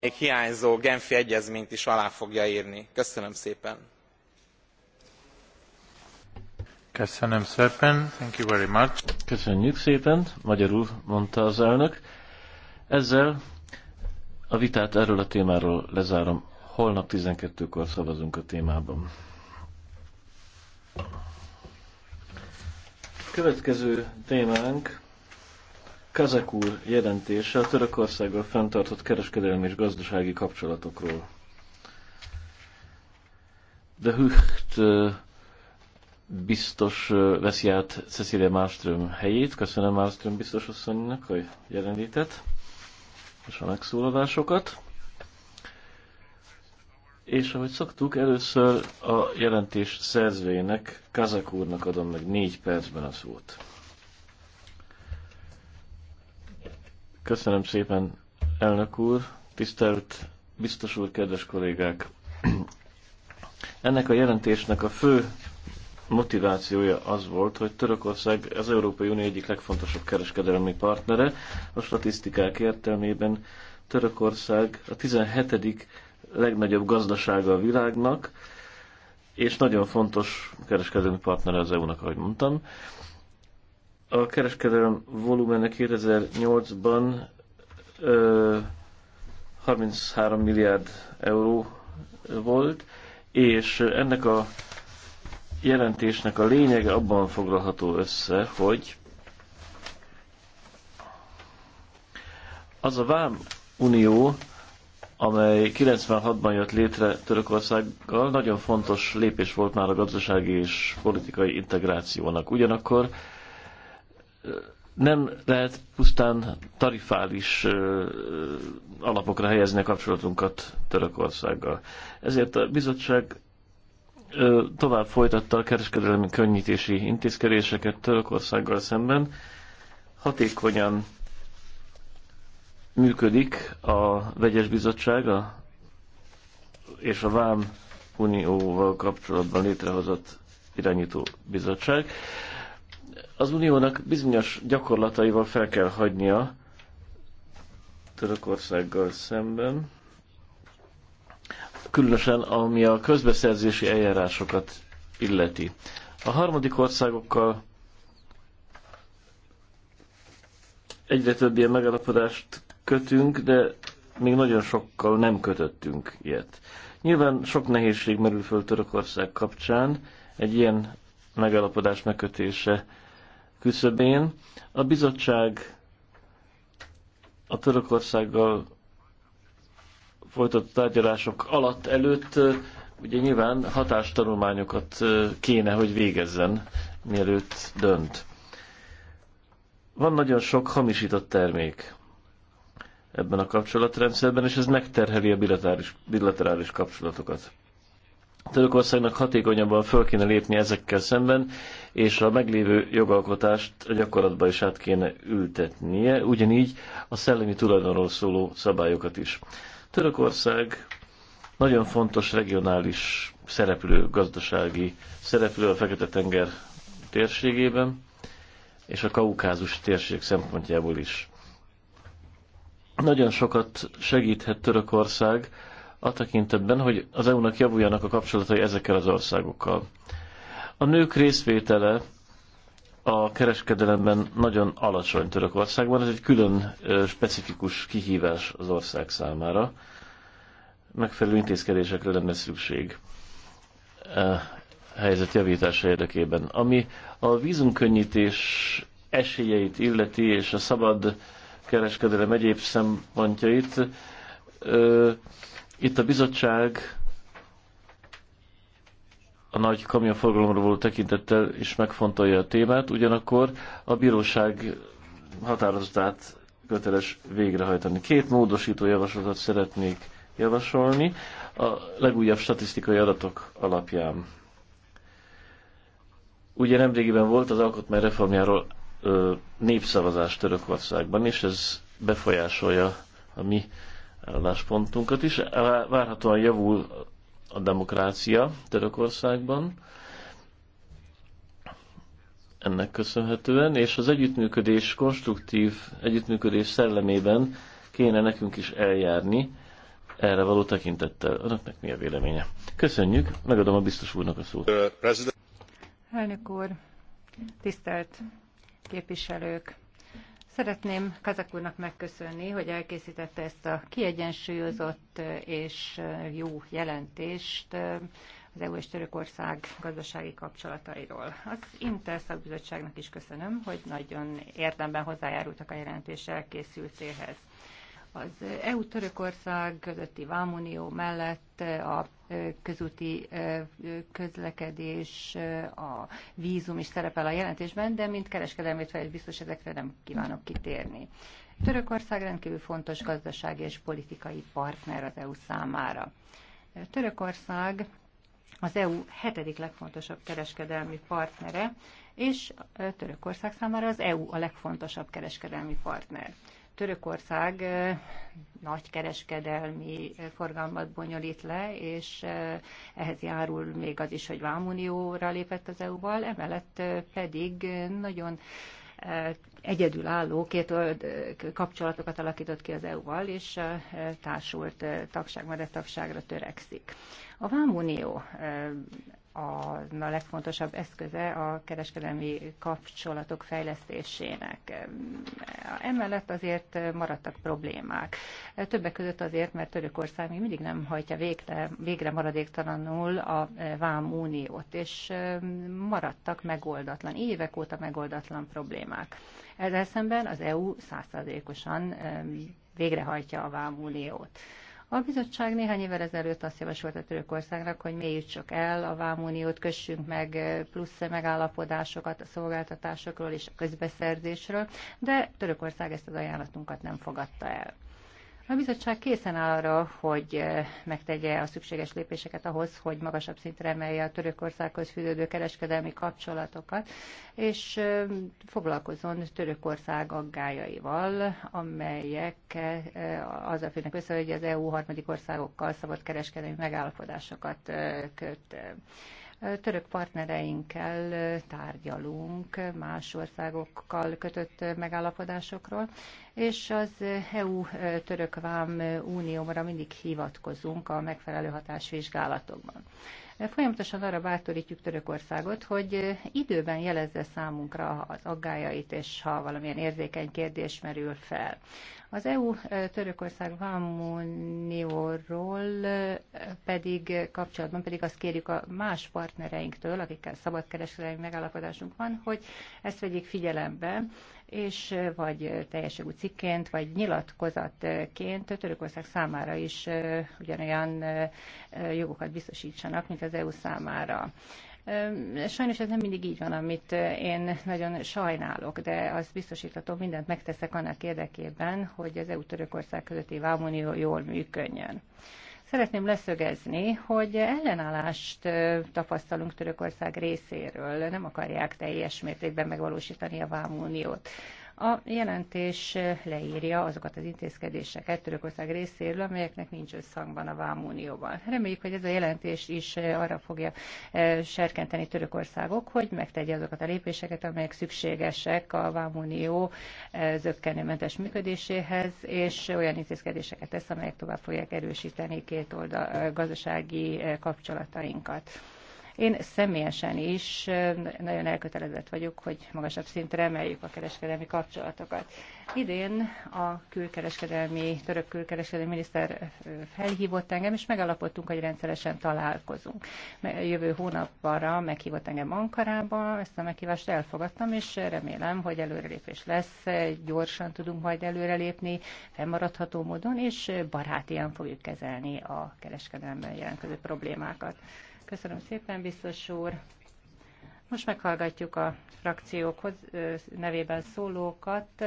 még hiányzó genfi egyezményt is alá fogja rni. köszönöm szépen! Köszönöm szépen, thank you very much. Köszönjük szépen, magyarul mondta az elnök. Ezzel a vitát erről a témáról lezárom. Holnap 12-kor szavazunk a témában. Következő témánk Kazak úr jelentése a Törökországgal fenntartott kereskedelmi és gazdasági kapcsolatokról. De Hücht biztos veszi át Cecilia Malmström helyét. Köszönöm Malmström biztos asszonynak a jelenlétet és a megszólalásokat. És ahogy szoktuk, először a jelentés szerzőjének, Kazak úrnak adom meg négy percben a szót. Köszönöm szépen, elnök úr, tisztelt biztos úr, kedves kollégák! Ennek a jelentésnek a fő motivációja az volt, hogy Törökország az Európai Unió egyik legfontosabb kereskedelmi partnere. A statisztikák értelmében Törökország a 17. legnagyobb gazdasága a világnak, és nagyon fontos kereskedelmi partnere az EU-nak, ahogy mondtam. A kereskedelem volumene 2008-ban 33 milliárd euró volt, és ennek a jelentésnek a lényege abban foglalható össze, hogy az a vám unió, amely 96-ban jött létre Törökországgal, nagyon fontos lépés volt már a gazdasági és politikai integrációnak. Ugyanakkor nem lehet pusztán tarifális alapokra helyezni a kapcsolatunkat Törökországgal. Ezért a bizottság tovább folytatta a kereskedelmi könnyítési intézkedéseket Törökországgal szemben. Hatékonyan működik a vegyes bizottság és a Vám Unióval kapcsolatban létrehozott irányító bizottság az uniónak bizonyos gyakorlataival fel kell hagynia Törökországgal szemben, különösen ami a közbeszerzési eljárásokat illeti. A harmadik országokkal egyre több ilyen megállapodást kötünk, de még nagyon sokkal nem kötöttünk ilyet. Nyilván sok nehézség merül föl Törökország kapcsán, egy ilyen megállapodás megkötése küszöbén. A bizottság a Törökországgal folytatott tárgyalások alatt előtt ugye nyilván hatástanulmányokat kéne, hogy végezzen, mielőtt dönt. Van nagyon sok hamisított termék ebben a kapcsolatrendszerben, és ez megterheli a bilaterális, bilaterális kapcsolatokat. Törökországnak hatékonyabban föl kéne lépni ezekkel szemben, és a meglévő jogalkotást a gyakorlatba is át kéne ültetnie, ugyanígy a szellemi tulajdonról szóló szabályokat is. Törökország nagyon fontos regionális szereplő, gazdasági szereplő a Fekete-tenger térségében, és a kaukázus térség szempontjából is. Nagyon sokat segíthet Törökország a tekintetben, hogy az EU-nak javuljanak a kapcsolatai ezekkel az országokkal. A nők részvétele a kereskedelemben nagyon alacsony Törökországban, ez egy külön specifikus kihívás az ország számára. Megfelelő intézkedésekre lenne szükség helyzet javítása érdekében. Ami a vízumkönnyítés esélyeit illeti, és a szabad kereskedelem egyéb szempontjait, itt a bizottság a nagy kamionforgalomra való tekintettel is megfontolja a témát, ugyanakkor a bíróság határozatát köteles végrehajtani. Két módosító javaslatot szeretnék javasolni a legújabb statisztikai adatok alapján. Ugye nemrégiben volt az alkotmány reformjáról ö, népszavazás Törökországban, és ez befolyásolja a mi álláspontunkat is. Várhatóan javul a demokrácia Törökországban ennek köszönhetően, és az együttműködés, konstruktív együttműködés szellemében kéne nekünk is eljárni erre való tekintettel. Önöknek mi a véleménye? Köszönjük, megadom a biztos úrnak a szót. Elnök úr, tisztelt képviselők! Szeretném Kazak úrnak megköszönni, hogy elkészítette ezt a kiegyensúlyozott és jó jelentést az EU és Törökország gazdasági kapcsolatairól. Az Intel szakbizottságnak is köszönöm, hogy nagyon érdemben hozzájárultak a jelentés elkészültéhez. Az EU-Törökország közötti Vámunió mellett a közúti e, közlekedés, e, a vízum is szerepel a jelentésben, de mint kereskedelmi fejlődés biztos ezekre nem kívánok kitérni. Törökország rendkívül fontos gazdasági és politikai partner az EU számára. Törökország az EU hetedik legfontosabb kereskedelmi partnere, és Törökország számára az EU a legfontosabb kereskedelmi partner. Törökország nagy kereskedelmi forgalmat bonyolít le, és ehhez járul még az is, hogy Vámunióra lépett az EU-val, emellett pedig nagyon egyedülálló két kapcsolatokat alakított ki az EU-val, és társult tagság, mert tagságra törekszik. A Vámunió a, a legfontosabb eszköze a kereskedelmi kapcsolatok fejlesztésének. Emellett azért maradtak problémák. Többek között azért, mert Törökország még mindig nem hajtja végre, végre maradéktalanul a Vám Uniót, és maradtak megoldatlan, évek óta megoldatlan problémák. Ezzel szemben az EU százszázalékosan végrehajtja a Vám Uniót. A bizottság néhány évvel ezelőtt azt javasolt a Törökországnak, hogy csak el a vámuniót, kössünk meg plusz megállapodásokat a szolgáltatásokról és a közbeszerzésről, de Törökország ezt az ajánlatunkat nem fogadta el. A bizottság készen áll arra, hogy eh, megtegye a szükséges lépéseket ahhoz, hogy magasabb szintre emelje a Törökországhoz fűződő kereskedelmi kapcsolatokat, és eh, foglalkozzon Törökország aggájaival, amelyek eh, azzal függnek össze, hogy az EU harmadik országokkal szabad kereskedelmi megállapodásokat köt. Török partnereinkkel tárgyalunk más országokkal kötött megállapodásokról, és az EU-török vám unióra mindig hivatkozunk a megfelelő hatásvizsgálatokban. Folyamatosan arra bátorítjuk Törökországot, hogy időben jelezze számunkra az aggájait, és ha valamilyen érzékeny kérdés merül fel. Az EU eh, Törökország Vámunióról eh, pedig kapcsolatban pedig azt kérjük a más partnereinktől, akikkel szabadkereskedelmi megállapodásunk van, hogy ezt vegyék figyelembe, és vagy teljes jogú cikként, vagy nyilatkozatként Törökország számára is ugyanolyan jogokat biztosítsanak, mint az EU számára. Sajnos ez nem mindig így van, amit én nagyon sajnálok, de azt biztosíthatom, mindent megteszek annak érdekében, hogy az EU-Törökország közötti vámunió jól működjön. Szeretném leszögezni, hogy ellenállást tapasztalunk Törökország részéről. Nem akarják teljes mértékben megvalósítani a vámuniót. A jelentés leírja azokat az intézkedéseket Törökország részéről, amelyeknek nincs összhangban a Vámunióban. Reméljük, hogy ez a jelentés is eh, arra fogja eh, serkenteni Törökországok, hogy megtegye azokat a lépéseket, amelyek szükségesek a Vámunió eh, zöggenőmentes működéséhez, és olyan intézkedéseket tesz, amelyek tovább fogják erősíteni két oldal gazdasági kapcsolatainkat. Én személyesen is nagyon elkötelezett vagyok, hogy magasabb szintre emeljük a kereskedelmi kapcsolatokat. Idén a külkereskedelmi, török külkereskedelmi miniszter felhívott engem, és megalapodtunk, hogy rendszeresen találkozunk. Jövő hónapra meghívott engem Ankarába, ezt a meghívást elfogadtam, és remélem, hogy előrelépés lesz, gyorsan tudunk majd előrelépni, fennmaradható módon, és barátian fogjuk kezelni a kereskedelemben jelentkező problémákat. Köszönöm szépen, biztos úr. Most meghallgatjuk a frakciók nevében szólókat.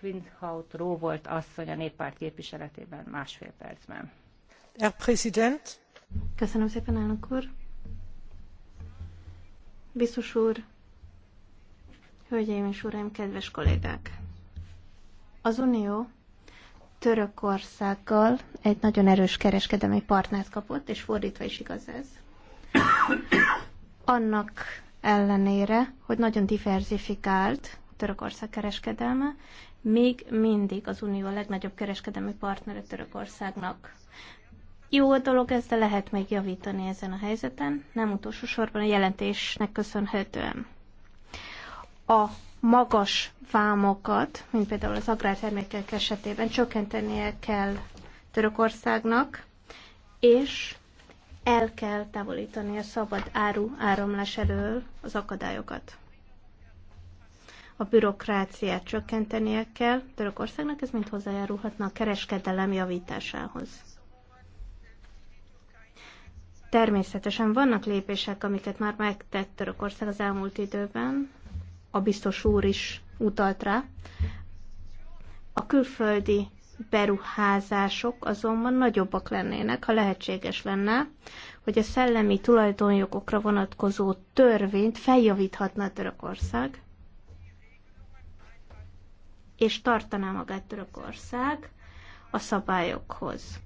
Quinthaut Ró volt asszony a néppárt képviseletében másfél percben. Herr Präsident. Köszönöm szépen, elnök úr. Biztos úr, hölgyeim és uraim, kedves kollégák! Az Unió Törökországgal egy nagyon erős kereskedelmi partnert kapott, és fordítva is igaz ez. Annak ellenére, hogy nagyon diversifikált Törökország kereskedelme, még mindig az Unió a legnagyobb kereskedelmi partnere Törökországnak. Jó a dolog ez, de lehet még javítani ezen a helyzeten, nem utolsó sorban a jelentésnek köszönhetően. A magas vámokat, mint például az agrártermékek esetében csökkentenie kell Törökországnak, és el kell távolítani a szabad áru áramlás elől az akadályokat. A bürokráciát csökkentenie kell Törökországnak, ez mind hozzájárulhatna a kereskedelem javításához. Természetesen vannak lépések, amiket már megtett Törökország az elmúlt időben, a biztos úr is utalt rá. A külföldi beruházások azonban nagyobbak lennének, ha lehetséges lenne, hogy a szellemi tulajdonjogokra vonatkozó törvényt feljavíthatna Törökország, és tartaná magát Törökország a szabályokhoz.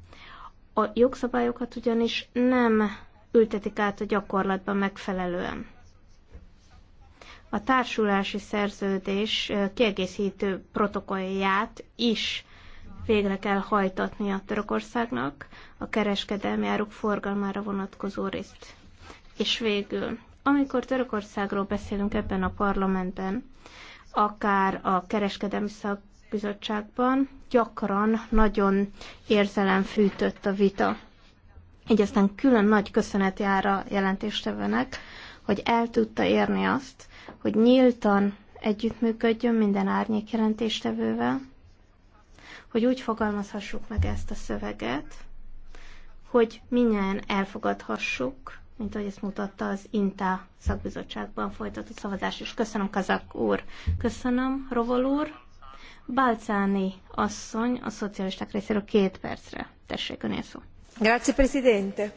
A jogszabályokat ugyanis nem ültetik át a gyakorlatban megfelelően a társulási szerződés kiegészítő protokollját is végre kell hajtatni a Törökországnak a kereskedelmi áruk forgalmára vonatkozó részt. És végül, amikor Törökországról beszélünk ebben a parlamentben, akár a kereskedelmi szakbizottságban, gyakran nagyon érzelem fűtött a vita. Így aztán külön nagy köszönet jár a jelentéstevőnek, hogy el tudta érni azt, hogy nyíltan együttműködjön minden árnyék jelentéstevővel, hogy úgy fogalmazhassuk meg ezt a szöveget, hogy minnyáján elfogadhassuk, mint ahogy ezt mutatta az INTA szakbizottságban folytatott szavazás. És köszönöm, Kazak úr. Köszönöm, Rovol úr. Balcáni asszony a szocialisták részéről két percre. Tessék, önél szó. Grazie, Presidente.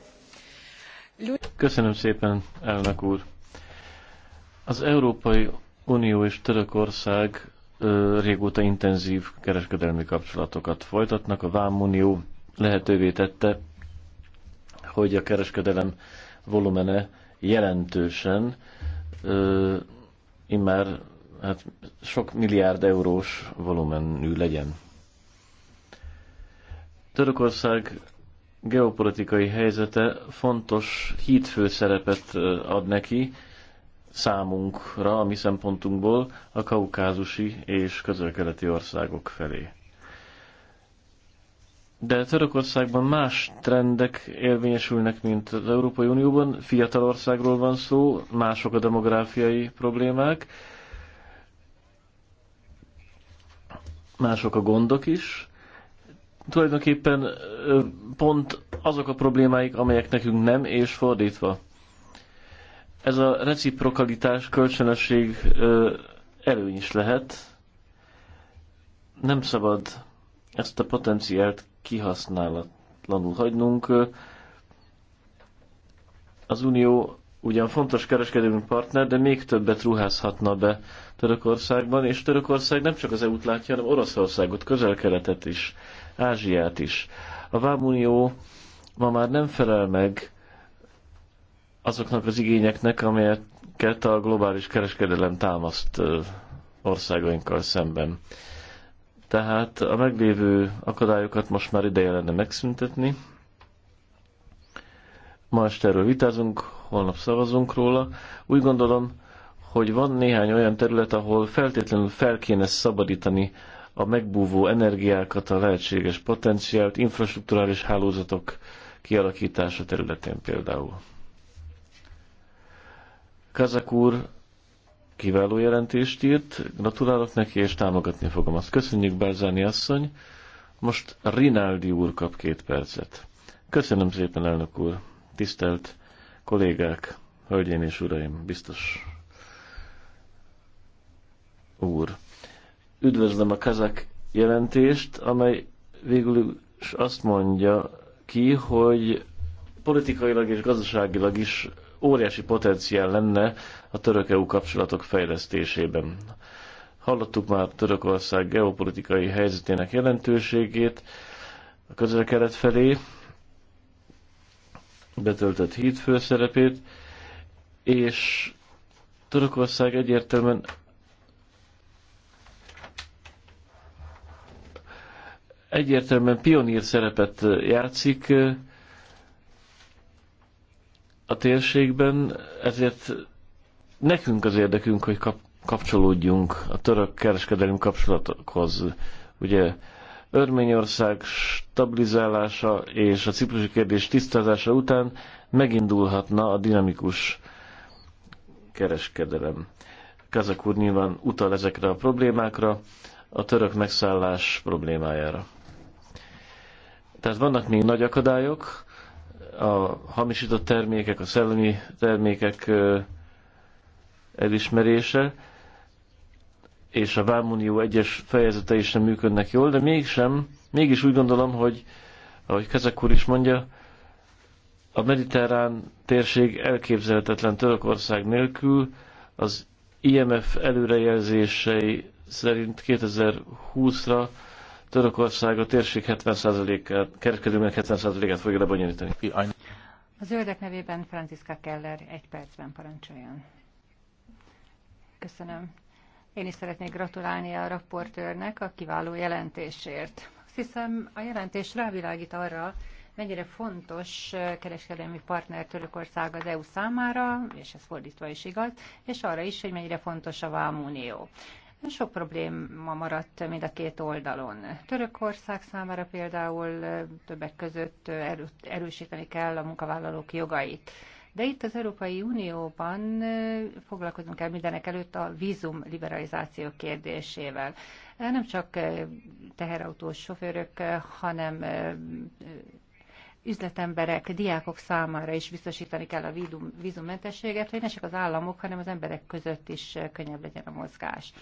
Köszönöm szépen, elnök úr. Az Európai Unió és Törökország régóta intenzív kereskedelmi kapcsolatokat folytatnak. A Vámunió lehetővé tette, hogy a kereskedelem volumene jelentősen ö, immár hát sok milliárd eurós volumenű legyen. Törökország geopolitikai helyzete fontos hídfő szerepet ad neki, számunkra, a mi szempontunkból a kaukázusi és közelkeleti országok felé. De Törökországban más trendek érvényesülnek, mint az Európai Unióban. Fiatal országról van szó, mások a demográfiai problémák, mások a gondok is. Tulajdonképpen pont azok a problémáik, amelyek nekünk nem, és fordítva ez a reciprokalitás, kölcsönösség előny is lehet. Nem szabad ezt a potenciált kihasználatlanul hagynunk. Az Unió ugyan fontos kereskedelmi partner, de még többet ruházhatna be Törökországban, és Törökország nem csak az EU-t látja, hanem Oroszországot, közel-keletet is, Ázsiát is. A Vámunió ma már nem felel meg azoknak az igényeknek, amelyeket a globális kereskedelem támaszt országainkkal szemben. Tehát a meglévő akadályokat most már ideje lenne megszüntetni. Ma este erről vitázunk, holnap szavazunk róla. Úgy gondolom, hogy van néhány olyan terület, ahol feltétlenül fel kéne szabadítani a megbúvó energiákat, a lehetséges potenciált, infrastruktúrális hálózatok kialakítása területén például. Kazak úr kiváló jelentést írt, gratulálok neki, és támogatni fogom azt. Köszönjük, Bárzáni asszony. Most Rinaldi úr kap két percet. Köszönöm szépen, elnök úr. Tisztelt kollégák, hölgyeim és uraim, biztos úr. Üdvözlöm a kazak jelentést, amely végül is azt mondja ki, hogy politikailag és gazdaságilag is óriási potenciál lenne a török-EU kapcsolatok fejlesztésében. Hallottuk már Törökország geopolitikai helyzetének jelentőségét a közel-kelet felé, betöltött híd főszerepét, és Törökország egyértelműen egyértelműen pionír szerepet játszik a térségben, ezért nekünk az érdekünk, hogy kap, kapcsolódjunk a török kereskedelmi kapcsolatokhoz. Ugye Örményország stabilizálása és a ciprusi kérdés tisztázása után megindulhatna a dinamikus kereskedelem. Kazak úr nyilván utal ezekre a problémákra, a török megszállás problémájára. Tehát vannak még nagy akadályok, a hamisított termékek, a szellemi termékek elismerése, és a Vámunió egyes fejezetei sem működnek jól, de mégsem, mégis úgy gondolom, hogy ahogy Kezek úr is mondja, a mediterrán térség elképzelhetetlen Törökország nélkül, az IMF előrejelzései szerint 2020-ra Törökország a térség 70%-át, kereskedőnek 70%-át fogja lebonyolítani. A zöldek nevében Franciska Keller egy percben parancsoljon. Köszönöm. Én is szeretnék gratulálni a raportőrnek a kiváló jelentésért. Azt hiszem, a jelentés rávilágít arra, mennyire fontos kereskedelmi partner Törökország az EU számára, és ez fordítva is igaz, és arra is, hogy mennyire fontos a Vámunió. Sok probléma maradt mind a két oldalon. Törökország számára például többek között erősíteni kell a munkavállalók jogait. De itt az Európai Unióban foglalkozunk el mindenek előtt a vízum liberalizáció kérdésével. Nem csak teherautós sofőrök, hanem üzletemberek, diákok számára is biztosítani kell a vízummentességet, hogy ne csak az államok, hanem az emberek között is könnyebb legyen a mozgás.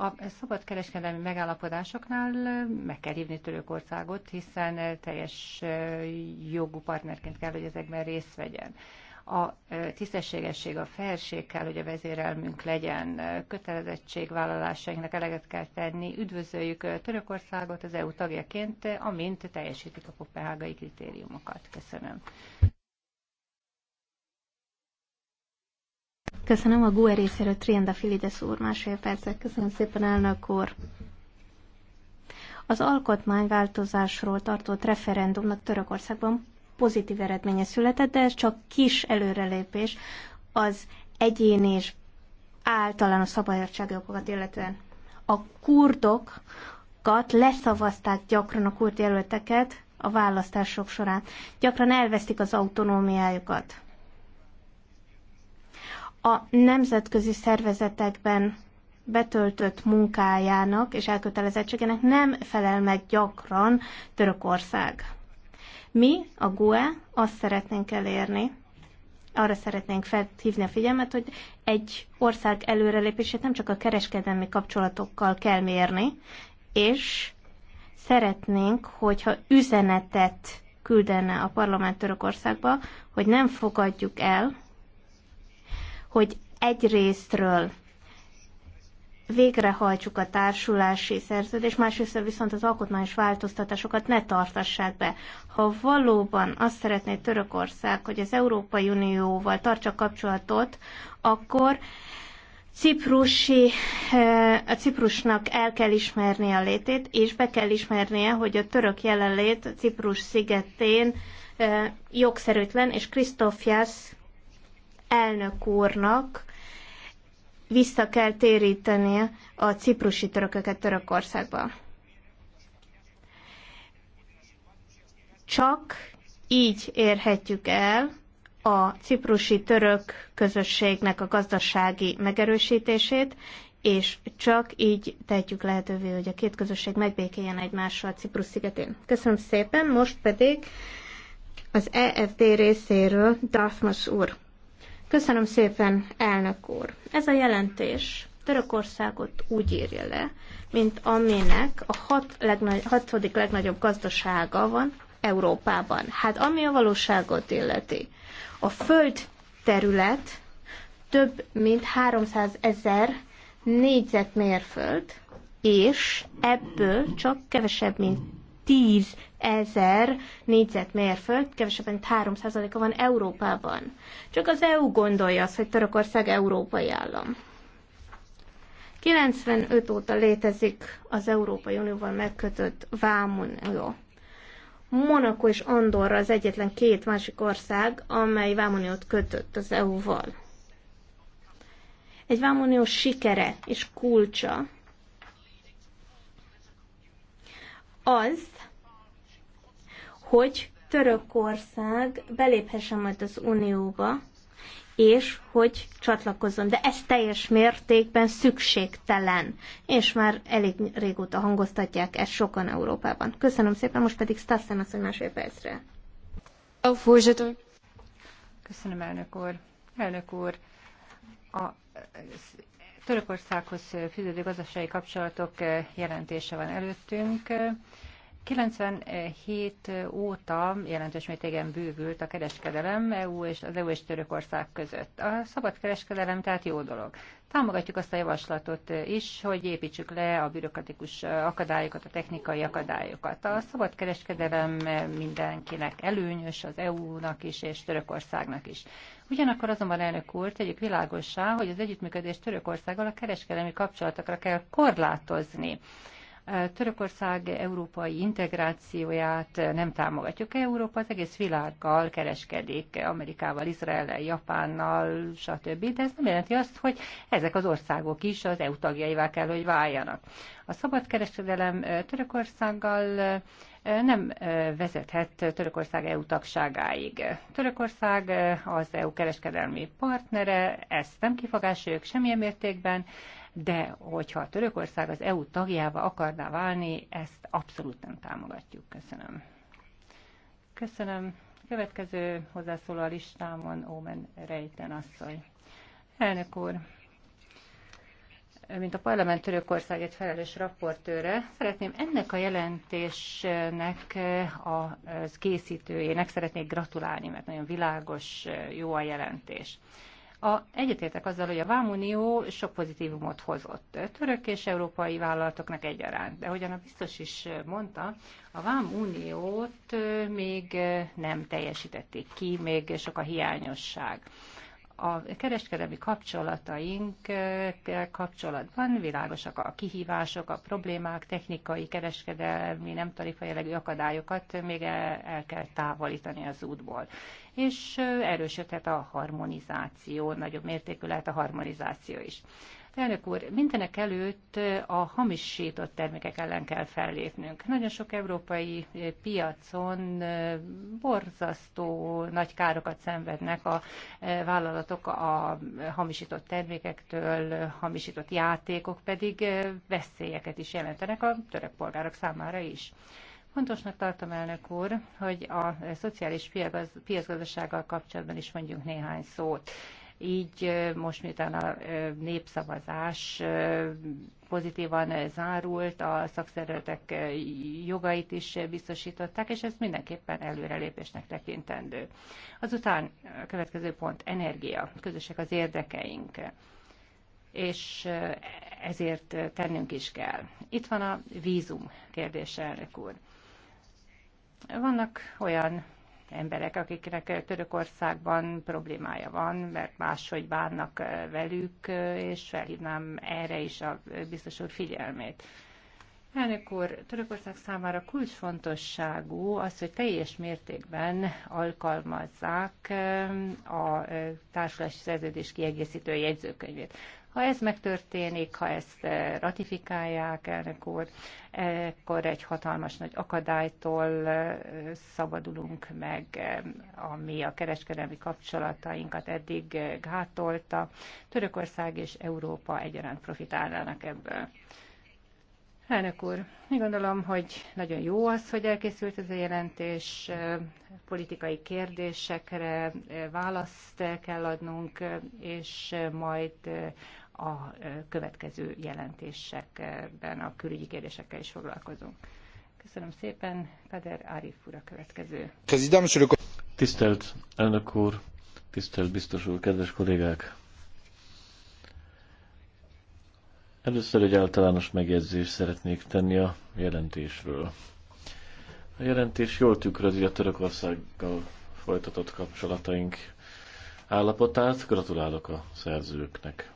A szabadkereskedelmi megállapodásoknál meg kell hívni Törökországot, hiszen teljes jogú partnerként kell, hogy ezekben részt vegyen a tisztességesség, a felség kell, hogy a vezérelmünk legyen, kötelezettségvállalásainknak eleget kell tenni, üdvözöljük Törökországot az EU tagjaként, amint teljesítik a kopenhágai kritériumokat. Köszönöm. Köszönöm a GUE részéről Trienda Filides úr, másfél percet. Köszönöm szépen, elnök úr. Az alkotmányváltozásról tartott referendumnak Törökországban pozitív eredménye született, de ez csak kis előrelépés az egyén és általános szabadságjogokat illetően. A kurdokat leszavazták gyakran a kurd jelölteket a választások során. Gyakran elvesztik az autonómiájukat a nemzetközi szervezetekben betöltött munkájának és elkötelezettségének nem felel meg gyakran Törökország. Mi, a GUE, azt szeretnénk elérni, arra szeretnénk felhívni a figyelmet, hogy egy ország előrelépését nem csak a kereskedelmi kapcsolatokkal kell mérni, és szeretnénk, hogyha üzenetet küldene a parlament Törökországba, hogy nem fogadjuk el hogy egyrésztről végrehajtsuk a társulási szerződést, másrészt viszont az alkotmányos változtatásokat ne tartassák be. Ha valóban azt szeretné Törökország, hogy az Európai Unióval tartsa kapcsolatot, akkor Ciprusi, eh, a Ciprusnak el kell ismernie a létét, és be kell ismernie, hogy a török jelenlét a Ciprus szigetén eh, jogszerűtlen, és Krisztófiasz elnök úrnak vissza kell térítenie a ciprusi törököket Törökországba. Csak így érhetjük el a ciprusi török közösségnek a gazdasági megerősítését, és csak így tehetjük lehetővé, hogy a két közösség megbékéljen egymással Ciprus szigetén. Köszönöm szépen, most pedig az EFD részéről Darfmas úr. Köszönöm szépen, elnök úr. Ez a jelentés Törökországot úgy írja le, mint aminek a hat legnagy, hatodik legnagyobb gazdasága van Európában. Hát ami a valóságot illeti, a föld terület több mint 300 ezer négyzetmérföld, és ebből csak kevesebb, mint 10 ezer négyzetmérföld, kevesebben 3%-a van Európában. Csak az EU gondolja azt, hogy Törökország európai állam. 95 óta létezik az Európai Unióval megkötött vámunió. Monaco és Andorra az egyetlen két másik ország, amely vámuniót kötött az EU-val. Egy vámunió sikere és kulcsa az, hogy Törökország beléphessen majd az Unióba, és hogy csatlakozzon. De ez teljes mértékben szükségtelen, és már elég régóta hangoztatják ezt sokan Európában. Köszönöm szépen, most pedig Stassen hogy másfél percre. Köszönöm, elnök úr. Elnök úr, a Törökországhoz fűződő gazdasági kapcsolatok eh, jelentése van előttünk. 97 óta jelentős mértékben bővült a kereskedelem EU és az EU és Törökország között. A szabad kereskedelem tehát jó dolog. Támogatjuk azt a javaslatot is, hogy építsük le a bürokratikus akadályokat, a technikai akadályokat. A szabad kereskedelem mindenkinek előnyös, az EU-nak is és Törökországnak is. Ugyanakkor azonban elnök úr, tegyük világossá, hogy az együttműködés Törökországgal a kereskedelmi kapcsolatokra kell korlátozni Törökország európai integrációját nem támogatjuk. Európa az egész világgal kereskedik, Amerikával, Izraellel, Japánnal, stb. De ez nem jelenti azt, hogy ezek az országok is az EU tagjaivá kell, hogy váljanak. A szabadkereskedelem Törökországgal nem vezethet Törökország EU tagságáig. Törökország az EU kereskedelmi partnere, ezt nem kifogásoljuk semmilyen mértékben, de hogyha Törökország az EU tagjába akarná válni, ezt abszolút nem támogatjuk. Köszönöm. Köszönöm. Következő hozzászóló a listámon Ómen Rejten asszony. Elnök úr, mint a Parlament egy felelős raportőre, szeretném ennek a jelentésnek a készítőjének szeretnék gratulálni, mert nagyon világos, jó a jelentés. A, egyetértek azzal, hogy a Vámunió sok pozitívumot hozott török és európai vállalatoknak egyaránt, de hogyan a biztos is mondta, a Vámuniót még nem teljesítették ki, még sok a hiányosság a kereskedelmi kapcsolataink kapcsolatban világosak a kihívások, a problémák, technikai, kereskedelmi, nem tarifa jellegű akadályokat még el, el kell távolítani az útból és erősödhet a harmonizáció, nagyobb mértékű lehet a harmonizáció is. Elnök úr, mindenek előtt a hamisított termékek ellen kell fellépnünk. Nagyon sok európai piacon borzasztó nagy károkat szenvednek a vállalatok a hamisított termékektől, hamisított játékok pedig veszélyeket is jelentenek a török polgárok számára is. Fontosnak tartom, elnök úr, hogy a szociális piacgazdasággal kapcsolatban is mondjunk néhány szót. Így most, miután a népszavazás pozitívan zárult, a szakszervezetek jogait is biztosították, és ez mindenképpen előrelépésnek tekintendő. Azután a következő pont energia, közösek az érdekeink és ezért tennünk is kell. Itt van a vízum kérdése, elnök úr. Vannak olyan emberek, akiknek Törökországban problémája van, mert máshogy bánnak eh, velük, eh, és felhívnám erre is a biztos úr figyelmét. Elnök úr, Törökország számára kulcsfontosságú az, hogy teljes mértékben alkalmazzák eh, a társulási szerződés kiegészítő jegyzőkönyvét. Ha ez megtörténik, ha ezt eh, ratifikálják, elnök úr, akkor egy hatalmas nagy akadálytól eh, szabadulunk meg, eh, ami a kereskedelmi kapcsolatainkat eddig gátolta. Törökország és Európa egyaránt profitálnának ebből. Elnök úr, én gondolom, hogy nagyon jó az, hogy elkészült ez a jelentés, politikai kérdésekre választ kell adnunk, és majd a következő jelentésekben a külügyi kérdésekkel is foglalkozunk. Köszönöm szépen, Kader Arif úr a következő. Tisztelt elnök úr, tisztelt biztos úr, kedves kollégák! Először egy általános megjegyzést szeretnék tenni a jelentésről. A jelentés jól tükrözi a Törökországgal folytatott kapcsolataink állapotát. Gratulálok a szerzőknek.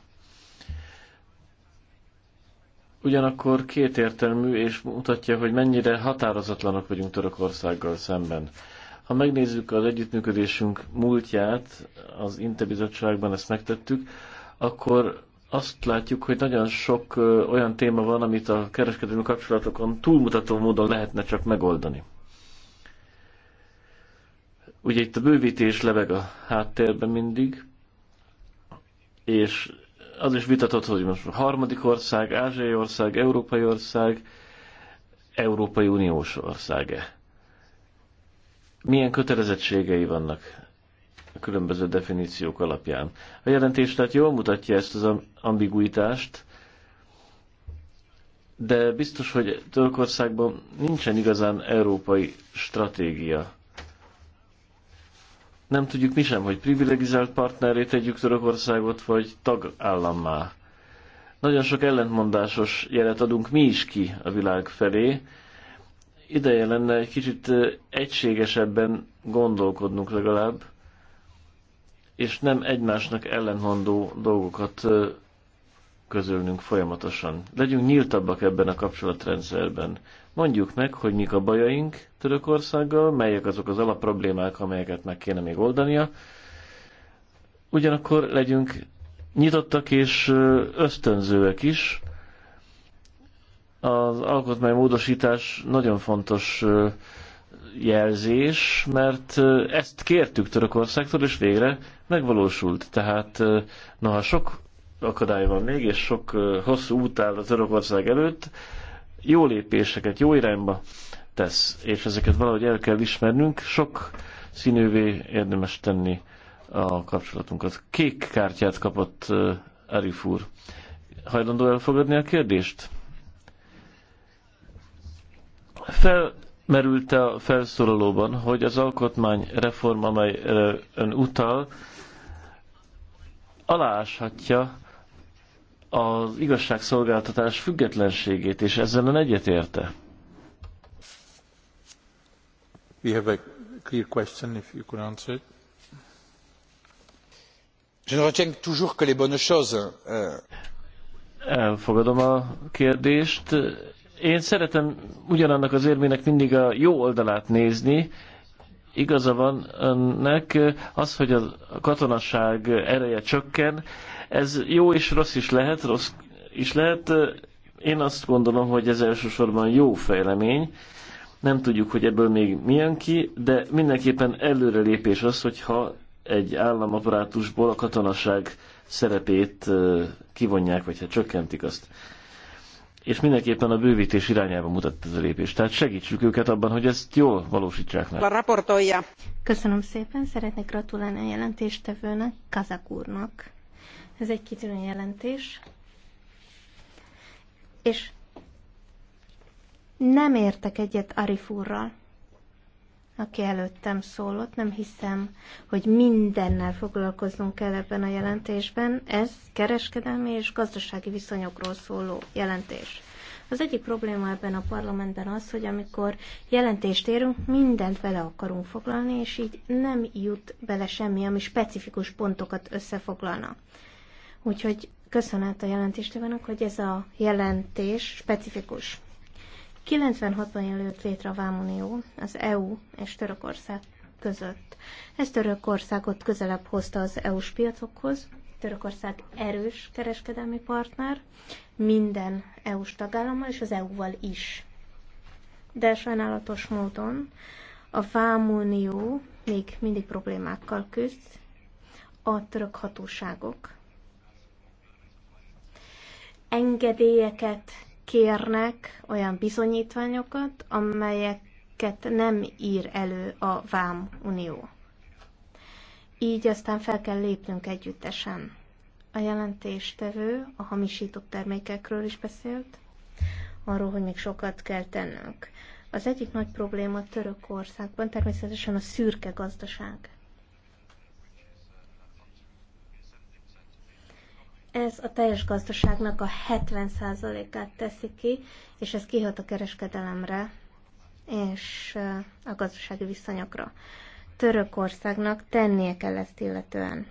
Ugyanakkor kétértelmű, és mutatja, hogy mennyire határozatlanok vagyunk Törökországgal szemben. Ha megnézzük az együttműködésünk múltját, az Interbizottságban ezt megtettük, akkor azt látjuk, hogy nagyon sok olyan téma van, amit a kereskedelmi kapcsolatokon túlmutató módon lehetne csak megoldani. Ugye itt a bővítés leveg a háttérben mindig, és az is vitatott, hogy most a harmadik ország, ázsiai ország, európai ország, Európai Uniós országe. Milyen kötelezettségei vannak a különböző definíciók alapján. A jelentés tehát jól mutatja ezt az ambiguitást, de biztos, hogy Törökországban nincsen igazán európai stratégia. Nem tudjuk mi sem, hogy privilegizált partnerét tegyük Törökországot, vagy tagállammá. Nagyon sok ellentmondásos jelet adunk mi is ki a világ felé. Ideje lenne egy kicsit egységesebben gondolkodnunk legalább és nem egymásnak ellentmondó dolgokat közölnünk folyamatosan. Legyünk nyíltabbak ebben a kapcsolatrendszerben. Mondjuk meg, hogy mik a bajaink Törökországgal, melyek azok az alapproblémák, amelyeket meg kéne még oldania. Ugyanakkor legyünk nyitottak és ösztönzőek is. Az alkotmánymódosítás nagyon fontos jelzés, mert ezt kértük Törökországtól, és végre megvalósult. Tehát na, ha sok akadály van még, és sok hosszú út áll az Örökország előtt, jó lépéseket, jó irányba tesz, és ezeket valahogy el kell ismernünk, sok színűvé érdemes tenni a kapcsolatunkat. Kék kártyát kapott Arif úr. Hajlandó elfogadni a kérdést? Felmerült a felszólalóban, hogy az alkotmány reform, amelyre ön utal, aláshatja az igazságszolgáltatás függetlenségét, és ezzel ön egyetérte? We have a clear question, if you could answer it. Je ne retiens toujours que les bonnes choses. Euh. Elfogadom a kérdést. Én szeretem ugyanannak az érmének mindig a jó oldalát nézni, igaza van önnek, az, hogy a katonaság ereje csökken, ez jó és rossz is lehet, rossz is lehet. Én azt gondolom, hogy ez elsősorban jó fejlemény. Nem tudjuk, hogy ebből még milyen ki, de mindenképpen előrelépés az, hogyha egy államaparátusból a katonaság szerepét kivonják, vagy ha csökkentik azt és mindenképpen a bővítés irányába mutat ez a lépés. Tehát segítsük őket abban, hogy ezt jól valósítsák meg. A raportolja. Köszönöm szépen, szeretnék gratulálni a jelentéstevőnek, Kazak úrnak. Ez egy kitűnő jelentés. És nem értek egyet Arif úrral aki előttem szólott. Nem hiszem, hogy mindennel foglalkoznunk kell ebben a jelentésben. Ez kereskedelmi és gazdasági viszonyokról szóló jelentés. Az egyik probléma ebben a parlamentben az, hogy amikor jelentést érünk, mindent bele akarunk foglalni, és így nem jut bele semmi, ami specifikus pontokat összefoglalna. Úgyhogy köszönet a jelentéstevőnek, hogy ez a jelentés specifikus. 96-ban jelölt létre a Vámunió az EU és Törökország között. Ez Törökországot közelebb hozta az EU-s piacokhoz. Törökország erős kereskedelmi partner minden EU-s tagállammal és az EU-val is. De sajnálatos módon a Vámunió még mindig problémákkal küzd, a török hatóságok engedélyeket kérnek olyan bizonyítványokat, amelyeket nem ír elő a Vám Unió. Így aztán fel kell lépnünk együttesen. A jelentéstevő a hamisított termékekről is beszélt, arról, hogy még sokat kell tennünk. Az egyik nagy probléma Törökországban természetesen a szürke gazdaság. ez a teljes gazdaságnak a 70%-át teszi ki, és ez kihat a kereskedelemre és eh, a gazdasági viszonyokra. Törökországnak tennie kell ezt illetően.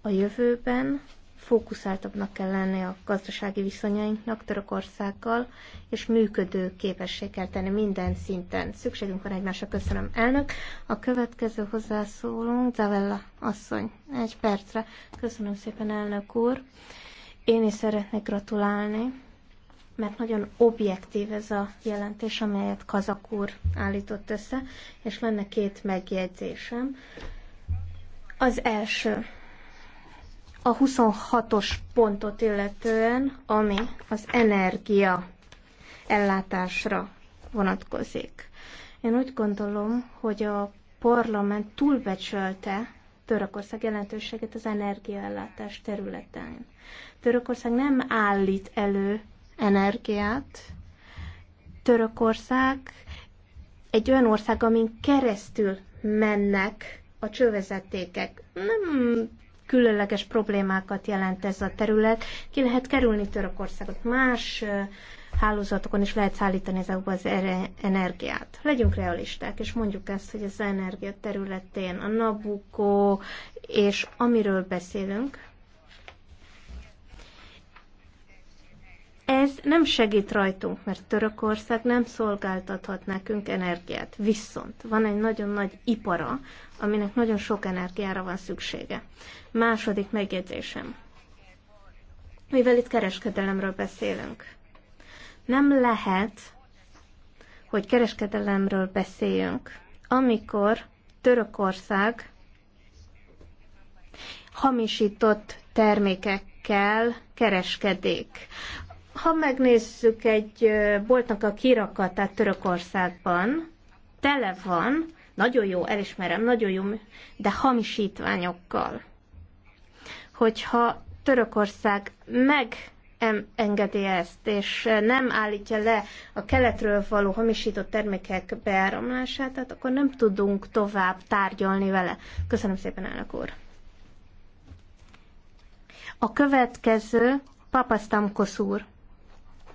A jövőben fókuszáltabbnak kell lenni a gazdasági viszonyainknak Törökországgal, és működő képesség kell tenni minden szinten. Szükségünk van egymásra. Köszönöm, elnök. A következő hozzászólónk, Zavella asszony. Egy percre. Köszönöm szépen, elnök úr. Én is szeretnék gratulálni, mert nagyon objektív ez a jelentés, amelyet Kazak úr állított össze, és lenne két megjegyzésem. Az első, a 26-os pontot illetően, ami az energia ellátásra vonatkozik. Én úgy gondolom, hogy a parlament túlbecsölte Törökország jelentőséget az energiaellátás területén. Törökország nem állít elő energiát. Törökország egy olyan ország, amin keresztül mennek a csővezetékek. Nem különleges problémákat jelent ez a terület. Ki lehet kerülni Törökországot? Más hálózatokon is lehet szállítani az az energiát. Legyünk realisták, és mondjuk ezt, hogy az energia területén a Nabucco, és amiről beszélünk, Ez nem segít rajtunk, mert Törökország nem szolgáltathat nekünk energiát. Viszont van egy nagyon nagy ipara, aminek nagyon sok energiára van szüksége. Második megjegyzésem. Mivel itt kereskedelemről beszélünk, nem lehet, hogy kereskedelemről beszéljünk, amikor Törökország hamisított termékekkel kereskedik. Ha megnézzük egy boltnak a kirakatát Törökországban, tele van, nagyon jó, elismerem, nagyon jó, de hamisítványokkal. Hogyha Törökország meg engedi ezt, és nem állítja le a keletről való hamisított termékek beáramlását, tehát akkor nem tudunk tovább tárgyalni vele. Köszönöm szépen, elnök úr. A következő Papasztamkosz úr.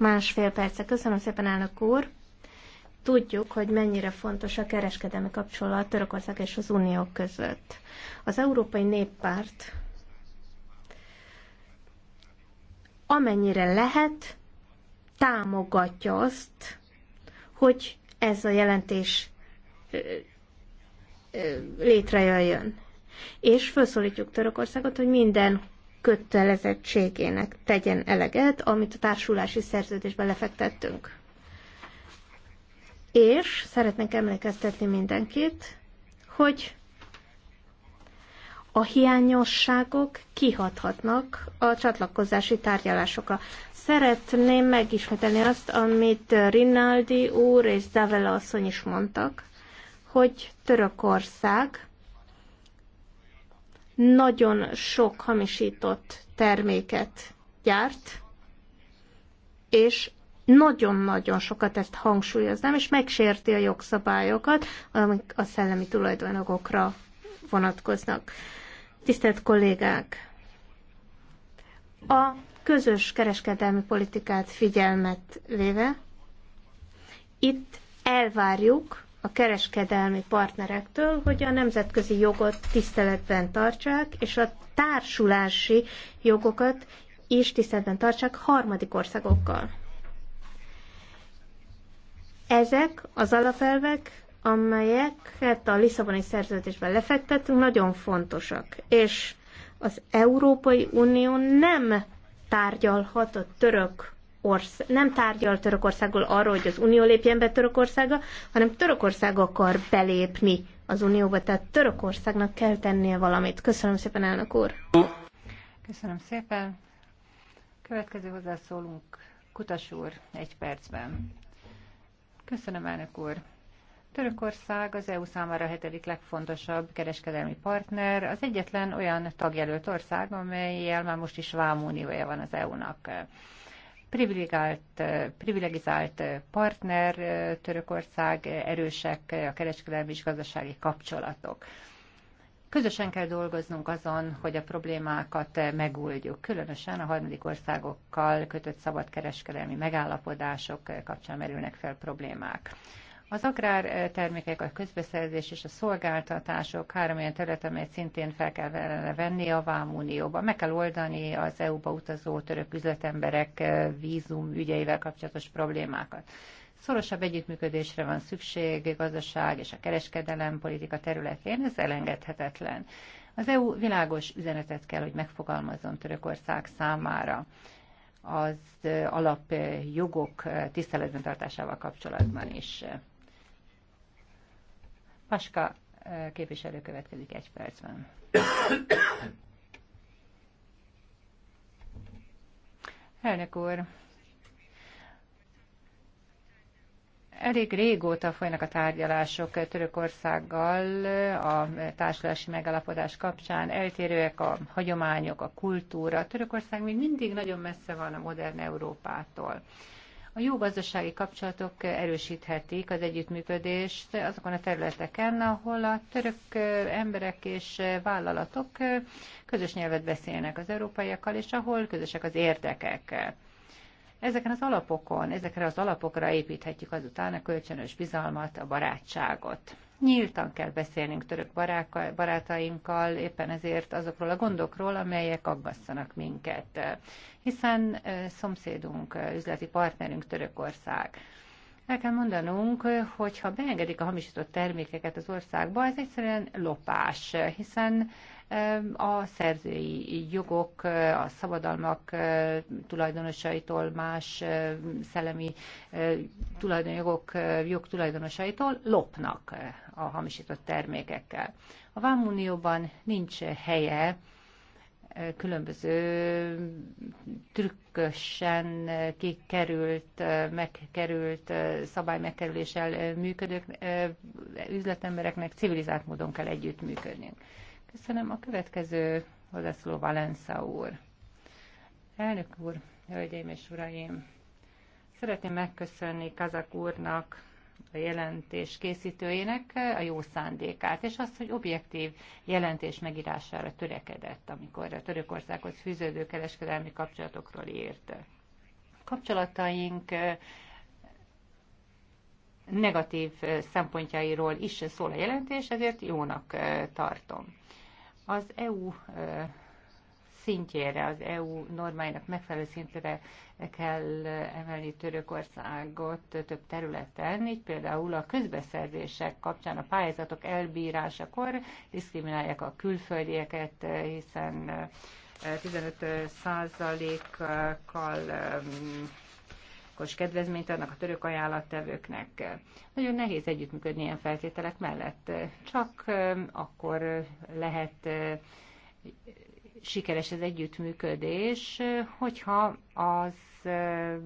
Másfél perce. Köszönöm szépen, elnök úr. Tudjuk, hogy mennyire fontos a kereskedelmi kapcsolat Törökország és az Unió között. Az Európai Néppárt amennyire lehet, támogatja azt, hogy ez a jelentés létrejöjjön. És felszólítjuk Törökországot, hogy minden kötelezettségének tegyen eleget, amit a társulási szerződésben lefektettünk. És szeretnék emlékeztetni mindenkit, hogy a hiányosságok kihathatnak a csatlakozási tárgyalásokra. Szeretném megismételni azt, amit Rinaldi úr és Zavella asszony is mondtak, hogy Törökország nagyon sok hamisított terméket gyárt, és nagyon-nagyon sokat ezt hangsúlyoznám, és megsérti a jogszabályokat, amik a szellemi tulajdonokra vonatkoznak. Tisztelt kollégák! A közös kereskedelmi politikát figyelmet véve, itt elvárjuk a kereskedelmi partnerektől, hogy a nemzetközi jogot tiszteletben tartsák, és a társulási jogokat is tiszteletben tartsák harmadik országokkal. Ezek az alapelvek, amelyeket a Lisszaboni szerződésben lefektettünk, nagyon fontosak, és az Európai Unió nem tárgyalhat a török orsz- nem tárgyal Törökországgal arról, hogy az Unió lépjen be Törökországa, hanem Törökország akar belépni az Unióba, tehát Törökországnak kell tennie valamit. Köszönöm szépen, elnök úr! Köszönöm szépen! Következő hozzászólunk, Kutas úr, egy percben. Köszönöm, elnök úr! Törökország az EU számára a hetedik legfontosabb kereskedelmi partner, az egyetlen olyan tagjelölt ország, amelyel már most is vámúniója van az EU-nak privilegált, eh, privilegizált eh, partner eh, Törökország, erősek a kereskedelmi és gazdasági kapcsolatok. Közösen kell dolgoznunk azon, hogy a problémákat megoldjuk, különösen a harmadik országokkal kötött szabadkereskedelmi megállapodások kapcsán merülnek fel problémák. Az agrártermékek, eh, a közbeszerzés és a szolgáltatások három olyan terület, amelyet szintén fel kell venni a Vámunióba. Meg kell oldani az EU-ba utazó török üzletemberek eh, vízum ügyeivel kapcsolatos problémákat. Szorosabb együttműködésre van szükség a gazdaság és a kereskedelem politika területén, ez elengedhetetlen. Az EU világos üzenetet kell, hogy megfogalmazzon Törökország számára az eh, alapjogok tiszteletben tartásával kapcsolatban is. Paska képviselő következik egy percben. Elnök úr, elég régóta folynak a tárgyalások Törökországgal a társulási megalapodás kapcsán. Eltérőek a hagyományok, a kultúra. Törökország még mindig nagyon messze van a modern Európától. A jó gazdasági kapcsolatok erősíthetik az együttműködést azokon a területeken, ahol a török emberek és vállalatok közös nyelvet beszélnek az európaiakkal, és ahol közösek az érdekek. Ezeken az alapokon, ezekre az alapokra építhetjük azután a kölcsönös bizalmat, a barátságot. Nyíltan kell beszélnünk török barátainkkal, éppen ezért azokról a gondokról, amelyek aggasztanak minket. Hiszen szomszédunk, üzleti partnerünk Törökország. El kell mondanunk, hogy ha beengedik a hamisított termékeket az országba, ez egyszerűen lopás, hiszen a szerzői jogok, a szabadalmak tulajdonosaitól, más szellemi tulajdonjogok jogtulajdonosaitól lopnak a hamisított termékekkel. A Vámunióban nincs helye különböző trükkösen kikerült, megkerült, szabály megkerüléssel működők üzletembereknek civilizált módon kell együttműködnünk. Köszönöm. A következő hozzászóló Valensza úr. Elnök úr, hölgyeim és uraim! Szeretném megköszönni Kazak úrnak, a jelentés készítőjének a jó szándékát, és azt, hogy objektív jelentés megírására törekedett, amikor a Törökországhoz fűződő kereskedelmi kapcsolatokról írt. Kapcsolataink negatív szempontjairól is szól a jelentés, ezért jónak tartom az EU szintjére, az EU normáinak megfelelő szintre kell emelni Törökországot több területen, így például a közbeszerzések kapcsán a pályázatok elbírásakor diszkriminálják a külföldieket, hiszen 15 százalékkal járulékos kedvezményt adnak a török ajánlattevőknek. Nagyon nehéz együttműködni ilyen feltételek mellett. Csak akkor lehet sikeres az együttműködés, hogyha az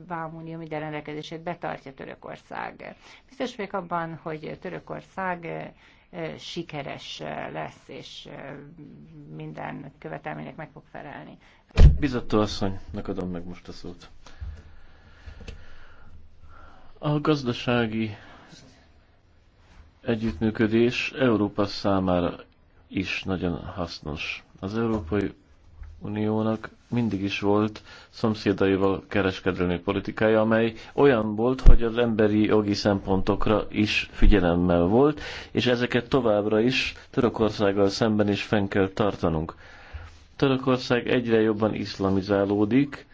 Vámunió minden rendelkezését betartja Törökország. Biztos vagyok abban, hogy Törökország sikeres lesz, és minden követelménynek meg fog felelni. Bizottó asszonynak adom meg most a szót. A gazdasági együttműködés Európa számára is nagyon hasznos. Az Európai Uniónak mindig is volt szomszédaival kereskedelmi politikája, amely olyan volt, hogy az emberi jogi szempontokra is figyelemmel volt, és ezeket továbbra is Törökországgal szemben is fenn kell tartanunk. Törökország egyre jobban iszlamizálódik,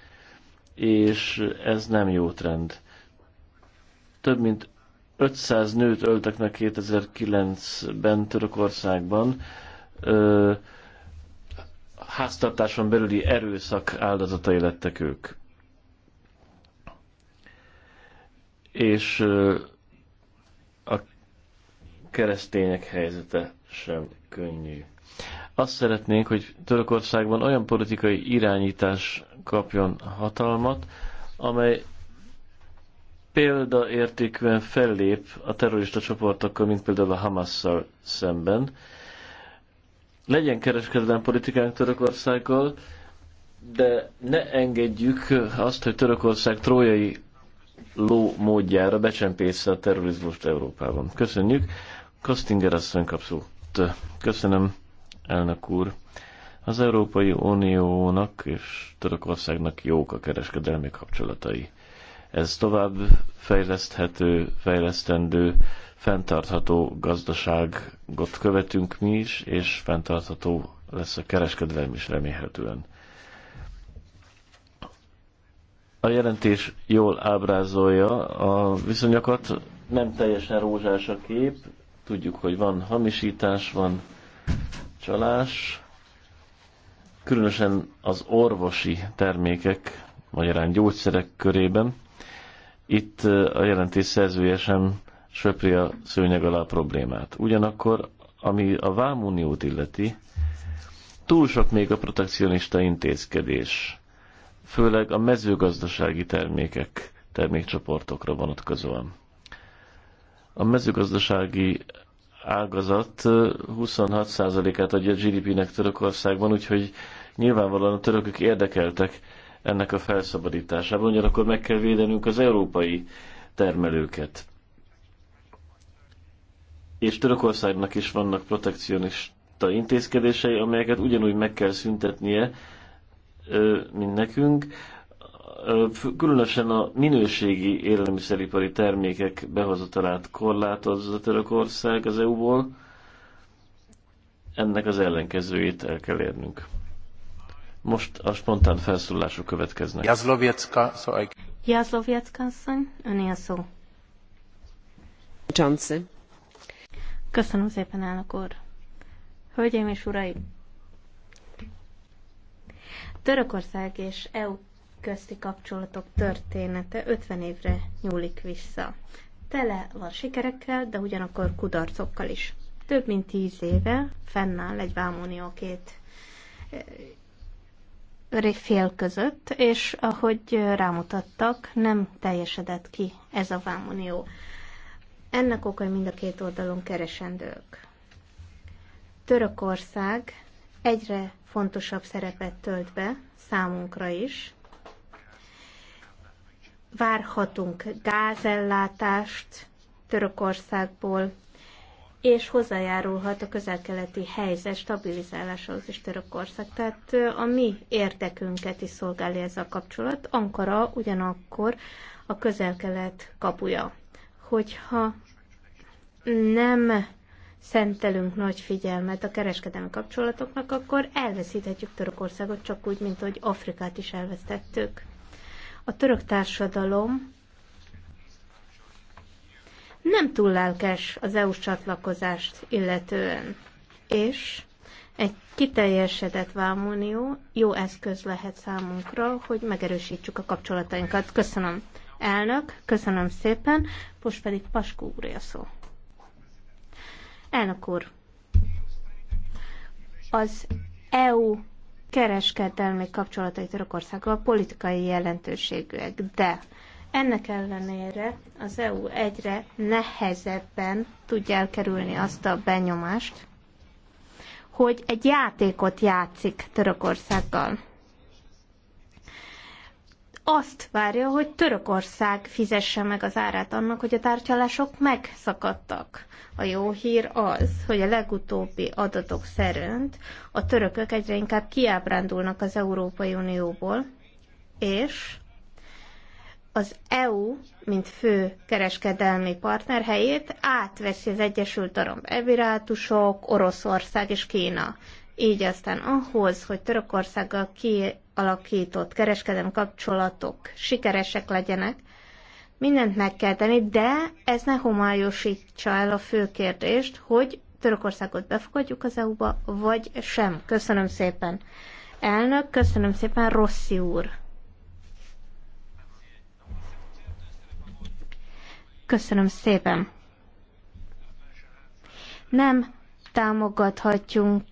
és ez nem jó trend. Több mint 500 nőt öltek meg 2009-ben Törökországban ö, háztartáson belüli erőszak áldozatai lettek ők. És ö, a keresztények helyzete sem könnyű. Azt szeretnénk, hogy Törökországban olyan politikai irányítás kapjon hatalmat, amely példaértékűen fellép a terrorista csoportokkal, mint például a Hamasszal szemben. Legyen kereskedelmi politikánk Törökországgal, de ne engedjük azt, hogy Törökország trójai ló módjára becsempészze a terrorizmust Európában. Köszönjük. Kostinger asszony kapszult. Köszönöm, elnök úr. Az Európai Uniónak és Törökországnak jók a kereskedelmi kapcsolatai. Ez tovább fejleszthető, fejlesztendő, fenntartható gazdaságot követünk mi is, és fenntartható lesz a kereskedelem is remélhetően. A jelentés jól ábrázolja a viszonyokat, nem teljesen rózsás a kép, tudjuk, hogy van hamisítás, van csalás, különösen az orvosi termékek, magyarán gyógyszerek körében, itt a jelentés szerzője sem söpri a szőnyeg alá a problémát. Ugyanakkor, ami a vámuniót illeti, túl sok még a protekcionista intézkedés, főleg a mezőgazdasági termékek termékcsoportokra vonatkozóan. A mezőgazdasági ágazat 26%-át adja a GDP-nek Törökországban, úgyhogy nyilvánvalóan a törökök érdekeltek ennek a felszabadításában, ugyanakkor meg kell védenünk az európai termelőket. És Törökországnak is vannak protekcionista intézkedései, amelyeket ugyanúgy meg kell szüntetnie, mint nekünk. Különösen a minőségi élelmiszeripari termékek behozatalát korlátozza Törökország az EU-ból. Ennek az ellenkezőjét el kell érnünk. Most a spontán felszólások következnek. Jazlowiecka, szóval... Jazlowiecka asszony, öné a szó. Johnson. Köszönöm szépen, elnök úr. Hölgyeim és uraim! Törökország és EU közti kapcsolatok története 50 évre nyúlik vissza. Tele van sikerekkel, de ugyanakkor kudarcokkal is. Több mint tíz éve fennáll egy vámunió két fél között, és ahogy rámutattak, nem teljesedett ki ez a vámunió. Ennek okai mind a két oldalon keresendők. Törökország egyre fontosabb szerepet tölt be számunkra is. Várhatunk gázellátást Törökországból, és hozzájárulhat a közel-keleti helyzet stabilizálásához is Törökország. Tehát a mi érdekünket is szolgálja ez a kapcsolat. Ankara ugyanakkor a közel-kelet kapuja. Hogyha nem szentelünk nagy figyelmet a kereskedelmi kapcsolatoknak, akkor elveszíthetjük Törökországot csak úgy, mint hogy Afrikát is elvesztettük. A török társadalom nem túl lelkes az EU-s csatlakozást illetően, és egy kiteljesedett vámunió jó eszköz lehet számunkra, hogy megerősítsük a kapcsolatainkat. Köszönöm, elnök, köszönöm szépen, most pedig Paskó úr a szó. Elnök úr, az EU kereskedelmi kapcsolatai Törökországgal politikai jelentőségűek, de ennek ellenére az EU egyre nehezebben tudja elkerülni azt a benyomást, hogy egy játékot játszik Törökországgal. Azt várja, hogy Törökország fizesse meg az árát annak, hogy a tárgyalások megszakadtak. A jó hír az, hogy a legutóbbi adatok szerint a törökök egyre inkább kiábrándulnak az Európai Unióból, és az EU, mint fő kereskedelmi partner helyét átveszi az Egyesült Arab Emirátusok, Oroszország és Kína. Így aztán ahhoz, hogy Törökországgal kialakított kereskedelmi kapcsolatok sikeresek legyenek, mindent meg kell tenni, de ez ne homályosítsa el a fő kérdést, hogy Törökországot befogadjuk az EU-ba, vagy sem. Köszönöm szépen. Elnök, köszönöm szépen, Rossi úr. Köszönöm szépen. Nem támogathatjunk